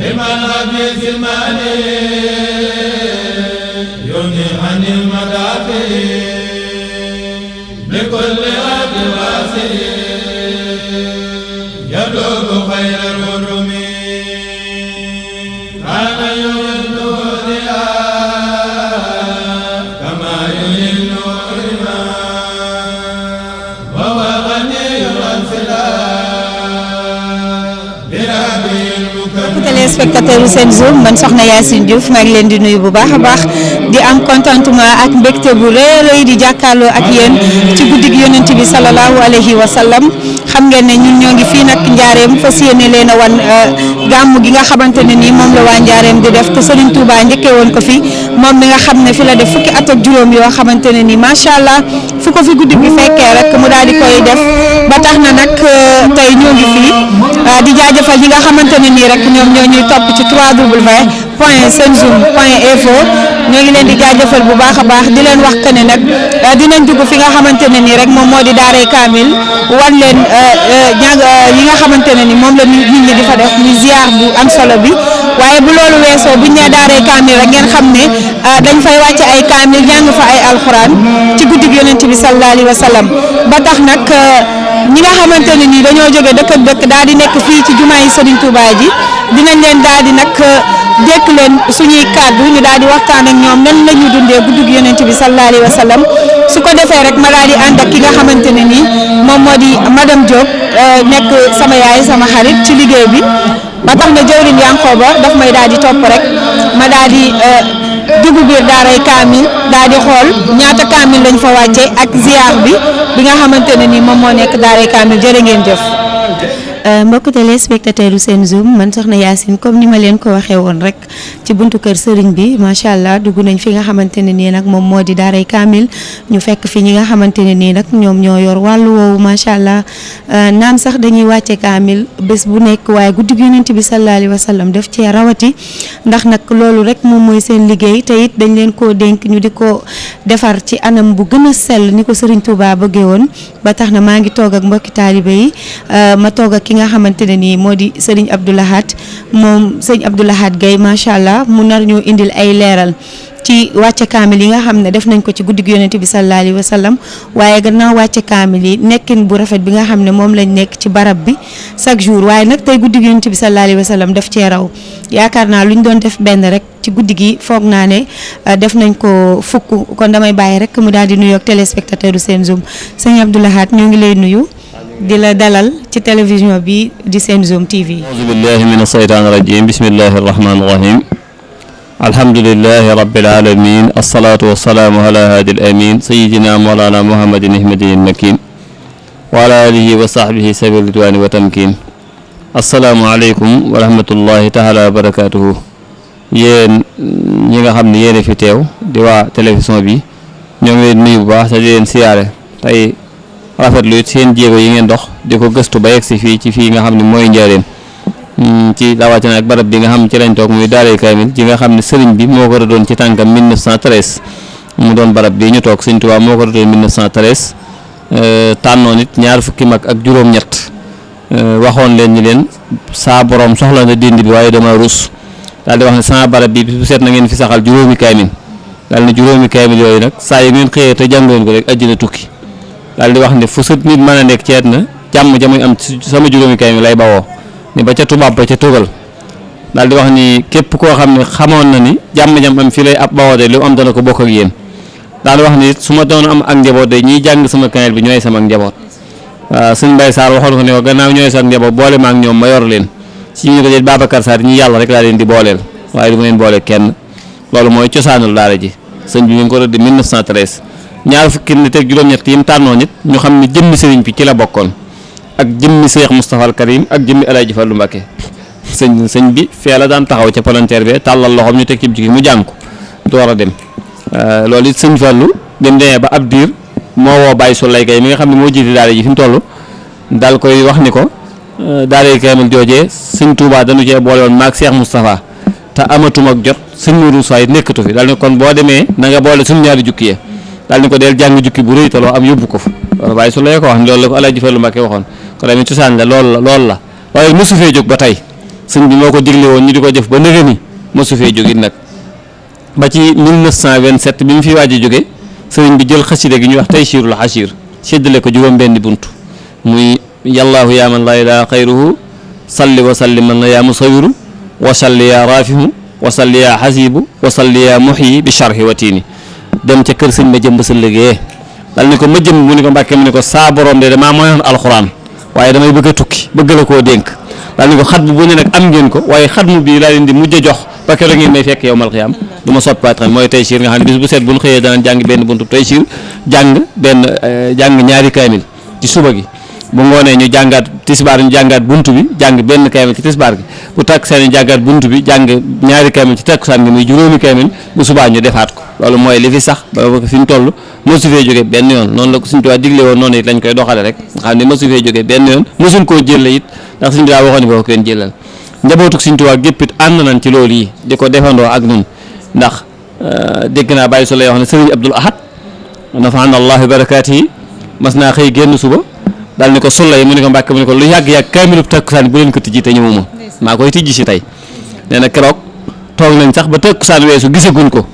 لمن ربي في المالي يغني عن المدافع بكل أرض واسع يدوب خير الهرم كان يولد ضياء كما يولد كرما وهو غني الانفلاء بربي المكرم téléspectateur u seen zoom man soxna yassine Diouf ma ngi len di nuyu bu baakha a baax di am contentement ak mbekté bu rëy rëy di jàkkaarloo ak yeen ci guddig yonent bi alayhi wa sallam xam ngeen ne ñun ñogi fi nak ndiarém fassiyene leena wan euh, gamu gi nga xamante ni mom la wa ndiarém di def ko Serigne Touba ñeké won ko fi mom mi nga xamne fi la def fukki at ak juroom yo xamante ni nii macha allah fu fi guddig bi fekkee rek mu dal di koy def ba taxna nak euh, tay ñogi fi euh, di jaajeufal yi nga xamante ni rek ñom ñoo ñuy topp ci 3W point senzoom point info ñoo ngi leen di jaajëfal bu baax a baax di leen wax que ne nag euh, dinañ dugg fi nga xamante ne nii rek moom moo di daaray kaamil wan leen ñaag euh, euh, yi nga xamante ne ni moom la nit ñi di fa def ñu ziar bu am solo bi waaye bu loolu weesoo bu ñu nee daaray kaamil rek ngeen xam ne dañ fay wàcc ay kaamil jàng fa ay alxuraan ci guddi gi yonent bi sallallahu alayhi wa sallam ba tax nag ñi nga xamante ni nii dañoo jóge dëkk ak dëkk daal di nekk fii ci jumaa yi Serigne Touba ji. dinañ leen daal di nag euh, dékk leen suñuy kàddu ñu daal di waxtaan ak ñoom nan la ñu bu guddug yonent bi sallallahu alayhi wa sallam su ko defee rek ma daal di ànd ak ki nga xamante ne nii moom moo di madame Diop euh, nekk sama yaay sama xarit ci liggéey bi ba tax na jawrin Yankooba daf may daal di topp rek ma daal di euh, dugg biir daaray kaamil daal di xool ñaata kaamil lañ fa wàcce ak ziar bi bi nga xamante ne nii moom moo nekk daaray kaamil jërë ngeen jë Euh, mbokk téléspectateur u seen zoom man soxna Yacine comme ni ma leen ko waxee woon rek ci buntu kër sëriñ bi macha allah dugg nañ fi nga xamante ne nii nag moom moo di daaray kaamil ñu fekk fi ñi nga xamante ne nii nag ñoom ñoo yor wàllu woowu macha allah euh, naam sax dañuy wàcce kaamil bés bu nekk waaye guddi gi yonent bi sallallahu alayhi wa sallam def cee rawati ndax nag loolu rek moom mooy seen liggéey te it dañ leen koo dénk ñu di ko defar ci anam bu gën a sell ni ko sëriñ Touba bëggee woon ba tax na maa ngi toog ak mbokki taalibe yi euh, ma toog nga xamante ne nii moo di Serigne Abdou Lahad moom Serigne Abdou Lahad Gaye macha allah mu nar ñoo indil ay leeral ci wàcce kaamil yi nga xam ne def nañ ko ci guddig yonent bi sallallahu alayhi wa sallam waaye gannaaw wàcce kaamil yi nekkin bu rafet bi nga xam ne moom lañ nekk ci barab bi chaque jour waaye nag tey guddig yonent bi sallallahu alayhi wa sallam daf cee raw yaakaar naa luñ doon def benn rek ci guddi gi foog naa ne uh, def nañ ko fukk kon damay bàyyi rek mu daal di nuyoog téléspectateur u Senzoom sëñ Abdou ñoo ngi lay nuyu دلا دلال في تلفزيون بي دي سين زوم تي في أعوذ بالله من الشيطان الرجيم بسم الله الرحمن الرحيم الحمد لله رب العالمين الصلاة والسلام على هادي الأمين سيدنا مولانا محمد المهدي المكين وعلى آله وصحبه سبيل الدوان وتمكين السلام عليكم ورحمة الله تعالى وبركاته yen ñi nga xamni yene fi tew di wa télévision bi ñoo ngi nuyu bu baax sa di len siyaré rafet lu seen jéego yi ngeen dox diko ko gëstu ba yexi fi ci fi nga xamni moy mooy hmm, ci dawati na ak barab bi nga xam ci lañ tok muy daaree kamil ji nga xamni ne bi moo ko doon ci tànkam 1913 mu doon barab bi ñu tok serigne Tuubaa moo ko doon 1913 tanno nit ñaar fukki mak ak ñet euh waxon leen ni leen sa borom soxla na dindi bi waye dama rus dal di wax ni sa barab bi bu set na ngeen fi saxal juroomi kamil dal ne juroomi kamil yoy nak sa yu ngeen te ko rek aljina tukki. daal di wax ne fu sët nit mën a nekk ci na jàmm ja muy am sama juróomi kay mi lay bawoo ni ba ca tubaab ba ca tugal daal di wax ni képp koo xam ne xamoon na ni jàmm jam am fii lay ab bawoo de lu am dana ko bokk ak yéen daal wax ni su ma doon am ak njaboot de ñiy jàng sama kaneel bi ñooy sama njaboot waaw suñ Mbay Saar waxoon ko ne ko gannaaw ñooy sama njaboot boole ma ak ñoom ma yor leen si ñu ko jël Babacar Saar ñu yàlla rek laa leen di booleel waaye du ma leen kenn loolu mooy cosaanul daara ji sëñ bi ñu ngi ko rëdd 1913 ñaar fukki nit ak juróom-ñett yi mu tànnoon it ñu xam ne jëmmi sëriñ bi ci la bokkoon ak jëmmi Seex Moustapha al Karim ak jëmmi Alaaji Fallu Mbàkke sëñ sëñ bi fee la daan taxaw ca palanteer be tàllal loxoom ñu teg ci jigéen mu jàng ko door a dem euh, loolu it sëñ Fallu dem demee ba ab diir moo woo bàyyi Baye Soulay Gaye mi nga xam ne moo jiite daara ji fi mu toll daal koy wax ni ko euh, daara kay man joojee sëñ tuubaa dañu cee boole woon maag Seex Moustapha te amatuma ak jot sëñ Mourou Sow nekkatu fi daal ne kon boo demee na nga boole suñu ñaari jukki laal ni ko deel jàng jukki bu rëy te loo am yóbbu ko fa loolu bàyyi su la ko wax ni loolu la ko Alaaji Fallu Mbakke waxoon ko demee cosaan la loolu la loolu la waaye fee jóg ba tey sëñ bi moo ko digle woon ñu di ko jëf ba nëgë ni mosu fee jóg it nag ba ci 1927 bi mu fi waaj a jóge sëriñ bi jël xasida gi ñuy wax Taysiirul Xasiir séddale ko juróom benn bunt muy yallaahu yaa man laa ilaaha xayruhu salli wa salli man yaa musawiru wa salli yaa raafihu wa salli yaa xasiibu wa salli yaa muxyi bi charhi wa tiini dem ca kër sëñ ma jëm ba sa liggéey dal ni ko ma jëm mu ni ko mbàkke mu ni ko saa borom de damaa mooyoon alxuraan waaye damay bëgg a tukki bëgg la koo dénk dal ni ko xat bu bu ne nag am ngeen ko waaye xat mu bii laa leen di mujj a jox ba keroog ngeen may fekk yow mal xiyaam du ma soppaat xam mooy Taysiir nga xam ne bis bu set bu ñu xëyee danañ jàng benn buntu Taysiir jàng benn eh, jàng ñaari kaamil ci suba gi bu ngoonee ñu jàngaat tisbaar ñu jàngaat bunt bi jàng benn kaamil ci tisbaar gi bu takkusaan ñu jàngaat bunt bi jàng ñaari kaamil ci takkusaan gi muy juróomi kaamil bu subaa ñu defaat ko loolu mooy li fi sax ba ba fi mu benn yoon noonu la ko suñ tubaab digle woon noonu it lañ koy doxale rek nga xam ne mosu fee jógee benn yoon mosuñ koo jëlle it ndax suñ tubaab waxoon ne boo ko leen jëlal njabootuk suñ tubaab gépp it ànd nañ ci loolu yi di ko defandoo ak nun ndax euh, dégg naa bàyyi su lay wax ne sëriñ Abdul Ahad nafaana allah barakaati mas naa xëy génn suba dal ni ko sullay mu ni ko mbàkke mu ni ko lu yàgg yàgg kaamilu takkusaan bu len ko tijji te ñëwuma maa koy tijji ci tay neena na tok nañ sax ba takkusaan weesu gisaguñ ko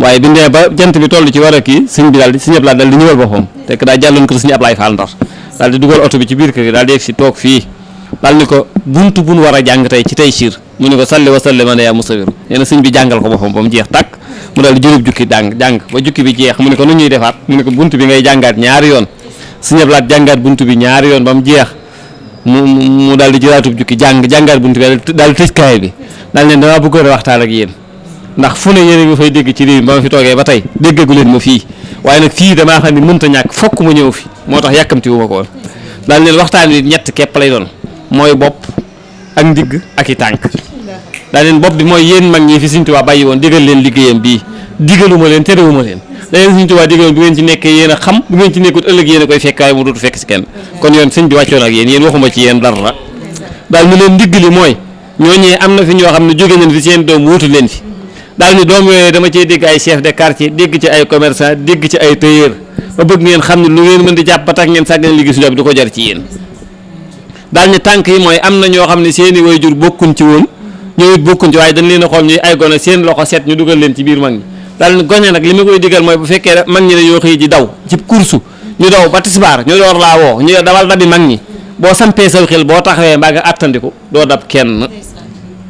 waye bi ndee ba jant bi tollu ci wara ki kii bi dal di sëñ Ablaay dal di ñëwal boppam fekk da jàlloon ko sëñ Ablaay Faal Ndar dal di duggal auto bi ci bir kër dal di yegg si toog fii daal ni ko buntu buñ wara jang tay ci tay sir mu ni ko salli wa sallama ya musawir neena na bi jangal ko bopom bam jeex tak mu dal di juróom jukki dang jang ba jukki bi jeex mu ni ko nu ñuy defaat mu ni ko bi ngay jàngaat ñaar yoon sëñ laat jangat buntu bi ñaari yoon bam mu jeex mu mu daal di jiratu juki jang jangat buntu bi dal di kay bi dal leen dama bëggoon a waxtaan ak yeen ndax fune ne yéen fay deg ci réew bam fi toge batay tey déggagu leen ma fii waaye nag fii damaa xam ne mënta ñàkk fokk mu ñew fi motax yakamti wu mako dal woon waxtaan ni ñett kep lay doon mooy bop ak ndigg ak i tànk daal leen bopp bi moy yeen mag ñi fi Sëñ Tuubaa bayyi won digal len liggéeyam bi digeluma len terewuma len la leen Sëñ Tuubaa digaloon bi ngeen ci nekkee yéen xam bu ngeen ci nekkut ëllëg yéen koy fekkaay mu dootu fekk si kenn mm-hmm. kon yoon sëñ bi wàccoon ak yéen yéen waxuma ci yéen dara daal ñu leen li mooy ñoo ñooñee am na fi ñoo xam ne jóge nañ fi seen doom wuutu leen fi mm-hmm. daal ni doom yooyu dama cee dégg ay chef de quartier dégg ci ay commerçant dégg ci ay tailleur ba bëgg ngeen xam ne lu ngeen mën di jàpp ba tax ngeen sàggan liggéey suñu bi du ko jar ci yéen daal ni tànk mooy am na ñoo xam ne seeni way jur bokkuñ ci woon ñooyut bokkuñ ci dañ leen a xool ñuy ay seen loxo set ñu dugal leen ci biir mag ñi daal gone nag li ma koy digal mooy bu fekkee mag ñi dañoo xëy ji daw ci kursu ñu daw ba tisbaar ñu door laa woo ñu dawal dabi mag ñi boo sampee saw xel boo tax mbaa nga attandiku doo dab kenn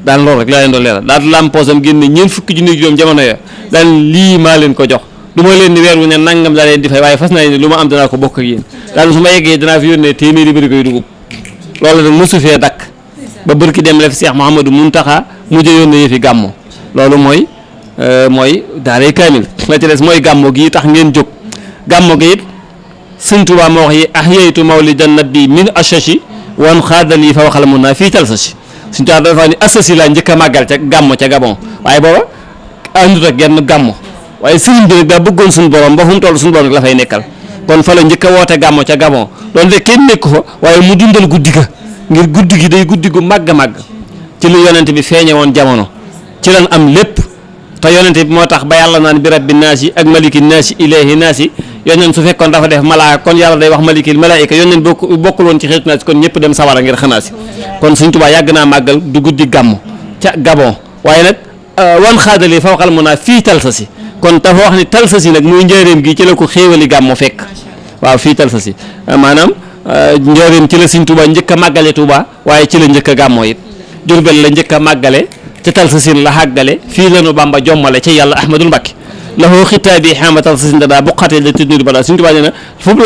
daan loolu rek laa leen doon leeral daal lampoosam génne ñeent fukki junni juróom jamono ya daan lii maa leen ko jox du ma leen ni weer wu ne nangam laa leen di fay waaye fas naa ne lu ma am danaa ko bokk ak yéen daal su ma yeggee danaa fi yónnee téeméeri bëri koy dugub loolu mosu fee dakk ba bërki dem la fi Seex Mouhamadou Mountakha mujj yónnee yëfi gàmmu loolu mooy Euh, mooy daaray kaamil la mooy gàmmo gi tax ngeen jóg gàmmo gi it sëñ Tuubaa moo wax yi ahyaytu mawlidan nabi min ashashi wan xaadal yi fa waxal mun naa fii talsashi suñ Tuubaa dafa ni ashashi laa njëkk a màggal ca gàmmo ca Gabon waaye booba àndut ak genn gàmmo waaye sëriñ bi nag daa bëggoon suñu borom ba fu mu toll suñu borom rek la fay nekkal kon fa la njëkk a woote gàmmo ca Gabon donte kenn nekk fa waaye mu dundal guddi ga ngir guddi gi day guddi gu màgg a màgg ci lu yonent bi feeñe woon jamono ci lan am lépp te yonente bi moo tax ba yàlla naan bi rabbi naasi ak maliki naasi ilaahi naasi yoneen su fekkoon dafa def malaaka kon yàlla day wax malikil malaayika yoneen bokk bokkul woon ci xeetu naasi kon ñëpp dem sawara ngir xanaasi kon suñ tubaa yàgg naa màggal du guddi gàmm ca gabon waaye nag euh, wan xaadali fawqal mun naa fii tal si kon dafa wax ni tal sa si nag muy njëreem gi ci la ko xéewali gàmm fekk waaw fii tal si euh, maanaam euh, njëreem ci la suñ tubaa a màggale tubaa waaye ci la njëkk gàmmoo it jurbel la njëkk a màggale ca tal sa sin la xàggale fii lanu bàmba jommale ca yàlla ahmadul mbàkke laxoo xitaabi xaama tal sa sin dadaa buqatee da tidnir bada suñu tubaa nee na fu di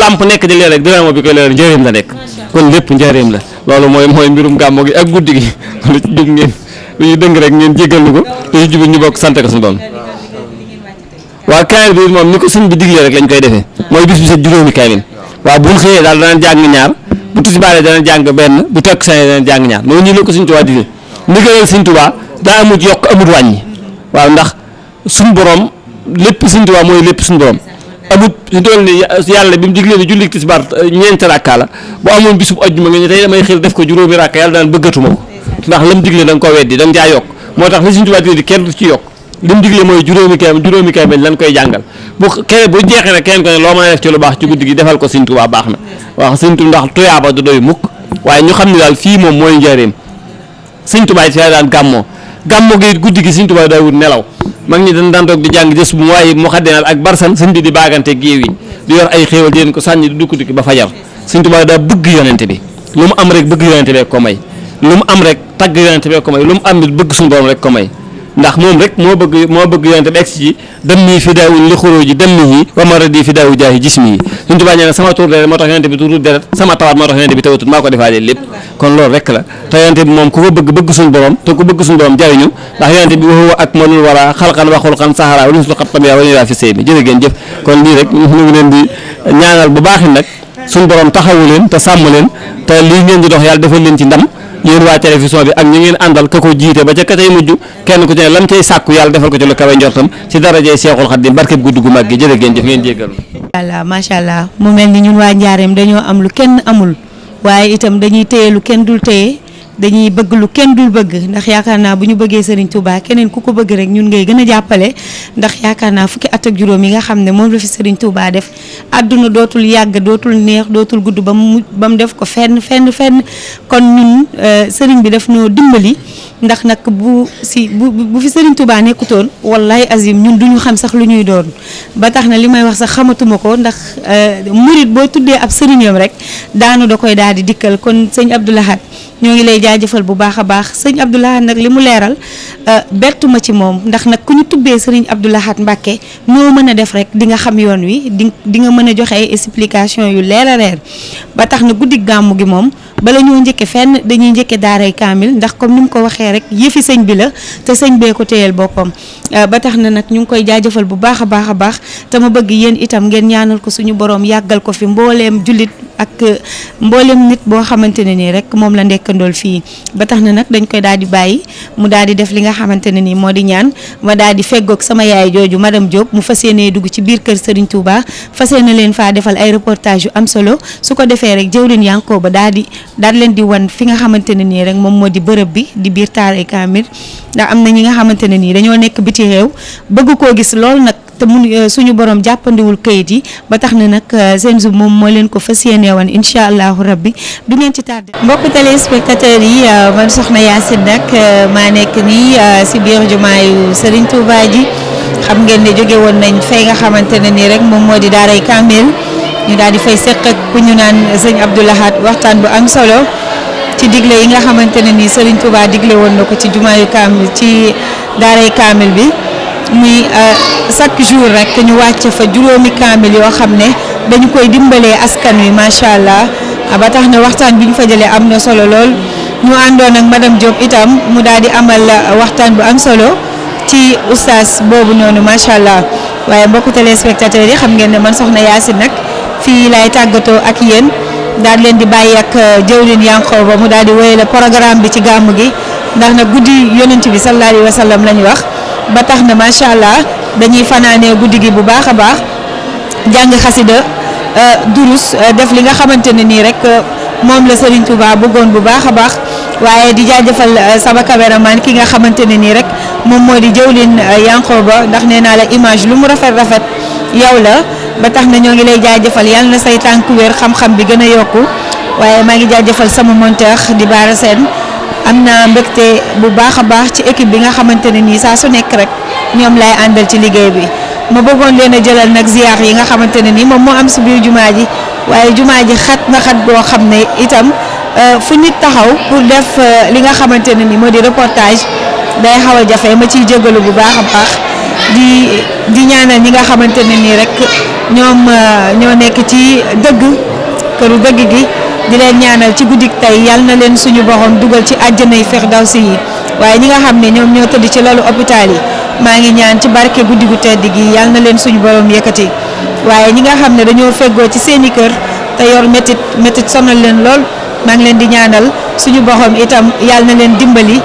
la mooy mooy mbirum gàmmo gi ak guddi ñu dëng rek ngeen jéggal nu ko lu ci jub ñu bokk sant ko suñu doom waaw kaamil bi moom ni koy defee mooy bis bi sa juróomi kaamil waaw bu ñu xëyee daal danañ jàng ñaar bu tusibaaree dana jàng benn bu tekk sañ dana jàng ñaar noonu ñu la ko sëñ tubaa diglee ndigalal tubaa daa amut yokk amut wàññi waaw ndax suñ borom lépp suñ tubaab mooy lépp suñ borom amut si tool ni yàlla bi mu diglee ni julli tisbaar ñeenti rakka la bu amoon bisub ajjuma nga ne tey damay xel def ko juróomi rakka yàlla daan bëggatuma ko ndax lam digle da ko koo weddi da nga yokk moo tax li suñ tubaab di kenn du ci yokk lim digle mooy juróomi kaamil juróomi kaamil lan koy jàngal bu kene bu jeexee nag keneen ko ne loo mën def ci lu baax ci guddi gi defal ko Sëñ Tuubaa baax na waaw Sëñ Tuubaa ndax tuyaaba du doy mukk waaye ñu xam ne daal fii moom mooy njëriñ Sëñ Tuubaa ci daan gàmmoo gàmmu gi guddi gi sëñ Tuubaa daa wut nelaw mag ñi dañ daan toog di jàng jës bu mu waaye mu xaddinaal ak barsan sëñ bi di baagante géew yi di yor ay xéewal di leen ko sànni di dukk dukki ba fajar sëñ Tuubaa daa bëgg yonente bi lu mu am rek bëgg yonente bee ko may lu mu am rek tagg yonente bee ko may lu mu am it bëgg suñu borom rek ko may ndax moom rek moo bëgg moo bëgg yonente bi egsi ci dammi fi daawun li xuroo ji dammi yi wa maradi fi daawu jaahi jismi yi suñ tubaa nee na sama tur deret moo tax yonente bi turu deret sama moo tax yonente bi tawatut maa ko defaale ko bëgg bëgg suñ borom te ku bëgg suñ borom jariñu ndax yonente bi waxuwa ak fi sëy bi jële ngeen jëf kon lii rek ñu ngi leen di ñaanal bu baax nag suñu borom taxawu leen te sàmm leen te lii ngeen di dox yàlla defal leen ci ndam yéen waa télévision bi ak ñi ngeen àndal ka ko jiite ba ca ka tey mujj kenn ku ci ne lam cay sàkku yàlla defal ko ci lu kawe njortam ci darajee Seexul Xadiim barkeb guddi gu mag gi jërë jëf ngeen jéggal allah allah mu mel ni ñun waa Njaareem dañoo am lu kenn amul waaye itam dañuy téye lu kenn dul téye dañuy bëgg lu kenn dul bëgg ndax yaakaar naa bu ñu bëggee Serigne Touba keneen ku ko bëgg rek ñun ngay gën a jàppale ndax yaakaar naa fukki at ak juróom yi nga xam ne moom la fi Serigne Touba def àdduna dootul yàgg dootul neex dootul gudd ba mu ba mu def ko fenn fenn fenn kon ñun euh, Serigne bi def noo dumbali ndax nag bu si bu bu fi Serigne Touba nekkutoon wallahi azim ñun duñu xam sax lu ñuy doon ba tax na li may wax sax xamatuma ko ndax euh, murit boo tuddee ab sëriñam rek daanu da koy daal di dikkal kon sëñ Abdoulahad jaajëfal bu baax a baax sëñ Abdou Lahad nag li mu leeral euh, bettu ma ci moom ndax nag ku ñu tubbee sëriñ Abdou Lahad Mbacke noo mën a def rek di nga xam yoon wi di di nga mën a joxe ay explication yu leer a leer ba tax na guddi gàmmu gi moom bala ñoo njëkke fenn dañuy njëkke daaray kaamil ndax comme ni mu ko waxee rek yëfi sëñ bi la te sëñ bee ko téyel boppam euh, ba tax na nag ñu ngi koy jaajëfal bu baax a baax a baax te ma bëgg yéen itam ngeen ñaanal ko ak euh, mboolem nit boo xamante ne nii rek moom la ndekkandool fii ba tax na nag dañ koy daal di bàyyi mu daal di def li nga xamante ne nii moo di ñaan ma daal di feggoog sama yaay jooju madame Diop mu fas yéenee dugg ci biir kër Serigne Touba fas yéene leen faa defal ay reportage yu am solo su ko defee rek jëwriñ Yankoba ba daal di daal leen di wan fi nga xamante ne nii rek moom moo di bërëb bi di biir Daaray Kaamil ndax am na ñi nga xamante ne nii dañoo nekk biti réew bëgg koo gis lool nag te mun euh, suñu borom jàppandiwul kayit yi ba tax na nag euh, Zenzo moom moo leen ko fas yéene woon incha allahu rabbi du ngeen ci tardé. mbokk téléspectateurs yi euh, man soxna Yacine nag maa nekk nii si biir jumaayu Serigne Touba ji xam ngeen ne jóge woon nañ fay nga xamante ne nii rek moom moo di daaray Kamil ñu daal di fay seq ku ñu naan sëñ Abdou Lahad waxtaan bu am solo ci digle yi nga xamante ne nii Serigne Touba digle woon na ko ci jumaayu Kamil ci daaray Kamil bi. muy euh, chaque jour rek ñu wàcc fa juróomi kaamil yoo xam ne dañu koy dimbalee askan wi macha allah ah, ba tax na waxtaan bi ñu fa jëlee am na solo lool ñu àndoon ak madame Diop itam mu daal di amal euh, waxtaan bu am solo ci oustaz boobu noonu macha allah waaye mbokku téléspectateurs yi xam ngeen ne man soxna Yaasin nag fii laay tàggatoo ak yéen daal leen di bàyyi ak euh, jëwlin Yankooba mu daal di wéyale programme bi ci gàmm gi ndax na guddi yonent bi sallallahu alayhi sallam la ñu wax. ba tax na macha allah dañuy fanaanee guddi gi bu baax a baax jàng xasida euh, durus euh, def li nga xamante ne nii rek euh, moom la Serigne Touba bëggoon bu baax a baax waaye di jaajëfal sama caméraman ki nga xamante ne nii rek moom moo di jëwlin Yankoba ndax nee naa la image lu mu rafet rafet yow la ba tax na ñoo ngi lay jaajëfal yàlla na say tànk wér xam-xam bi gën a yokku waaye maa ngi jaajëfal sama monteur di Baara Sène am na mbégte bu baax a baax ci équipe bi nga xamante ne nii saa su nekk rek ñoom lay àndal ci liggéey bi ma bëggoon leen a jëlal nag ziar yi nga xamante ne nii moom moo am si biir jumaa ji waaye jumaa ji xat na xat boo xam ne itam euh, fu nit taxaw pour def euh, li nga xamante ne nii moo di reportage day xaw a jafe ma ciy jégalu bu baax a baax di di ñaanal ñi nga xamante ne nii rek ñoom euh, ñoo nekk ci dëgg këru dëgg gi. di len ñaanal ci guddik tay yal na len suñu borom duggal ci àjjanay wa yi waye ñi nga xamne ñom ñoo tedd ci lolu hôpital yi ma ngi ñaan ci barke guddigu tedd gi yal na len suñu borom yëkkati waye ñi nga xamne dañoo feggo ci seeni kër te yor metit metit sonal len lool ma ngi len di ñaanal suñu borom itam yal na len dimbali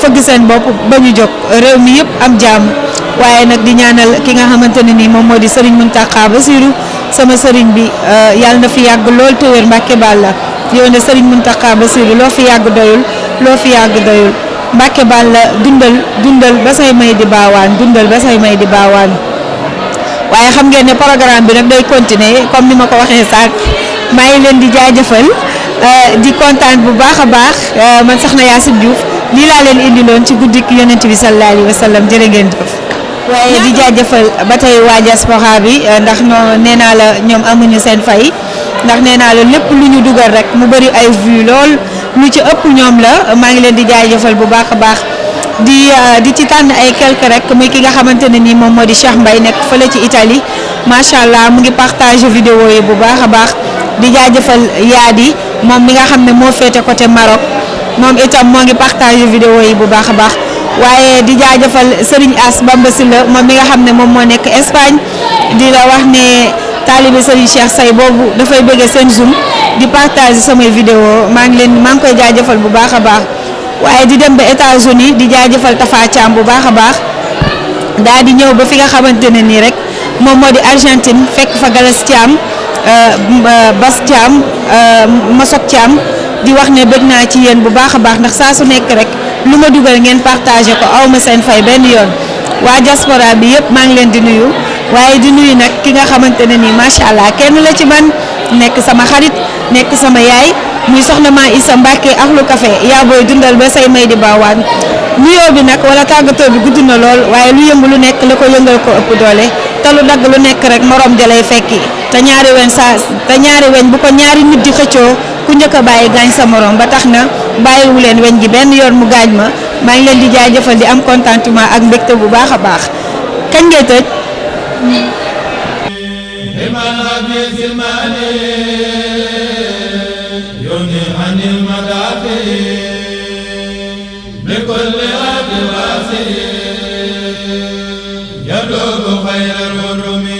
fëgg seen bop jok ñu rew mi yëpp am jaam waye nak di ñaanal ki nga xamanteni ni mom modi serigne muntaka basirou sama sëriñ bi euh, yàlla na fi yàgg lool te wér Mbacke Balla yow ne sëriñ Mountakha Bassirou loo fi yàgg doyul loo fi yàgg doyul Mbacke Balla dundal dundal ba say may di baawaan dundal ba say may di baawaan waaye xam ngeen ne programme bi nag day continuer comme ni ma ko waxee saak maa ngi leen di jaajëfal euh, di kontaan bu baax a baax euh, man soxna Yacine Diouf lii laa leen indiloon ci guddik yonent bi sallallahu alayhi wa sallam jërë ngeen jëf waaye di jëfal ba tey waa diaspora bi euh, ndax ñoo nee naa la ñoom amuñu seen fay ndax nee naa la lépp lu ñu dugal rek mu bari ay vues lool lu ci ëpp ñoom la maa ngi leen di jëfal bu baax a baax di euh, di ci tànn ay quelque rek muy ki nga xamante ne nii moom moo di Cheikh Mbaye nekk fële ci Italie macha allah mu ngi partage vidéo yi bu baax a baax di jëfal yaa yaadi moom mi nga xam ne moo féete côté Maroc moom itam moo ngi partage vidéo yi bu baax a baax. waaye di jaajëfal Serigne As Bamba Sylla moom mi nga xam ne moom moo nekk Espagne di la wax ne taalibe Serigne Cheikh Say boobu dafay bëggee seen zoom di partager samay vidéo maa ngi leen maa ngi koy jëfal bu baax a baax waaye di dem ba États-Unis di jaajëfal Tafa Thiam bu baax a baax daa di ñëw ba fi nga xamante ne nii rek moom moo di Argentine fekk fa Galas Thiam euh, euh, Bas Thiam euh, Masok Thiam di wax ne bëgg naa ci yéen bu baax a baax ndax saa su nekk rek. lu ma dugal ngeen partagé ko aw ma seen fay benn yoon waa diaspora bi yëpp maa ngi leen di nuyu waaye di nuyu nag ki nga xamante ne nii macha allah kenn la ci man nekk sama xarit nekk sama yaay muy soxna ma isa mbàkke ak lu café yaa dundal ba say may di baawaan nuyoo bi nag wala tàggatoo bi gudd na lu lu ko ko ëpp lu lu rek morom ja fekki te ñaari weñ saa te ñaari bu ko ñaari nit di ku sa morom ba bàyyiwu leen weñ gi benn yoon mu gaañ ma maa ngi leen di jaajëfal di am contentement ak mbégte bu baax a baax kañ ngay tëj. يبلغ خير الرمي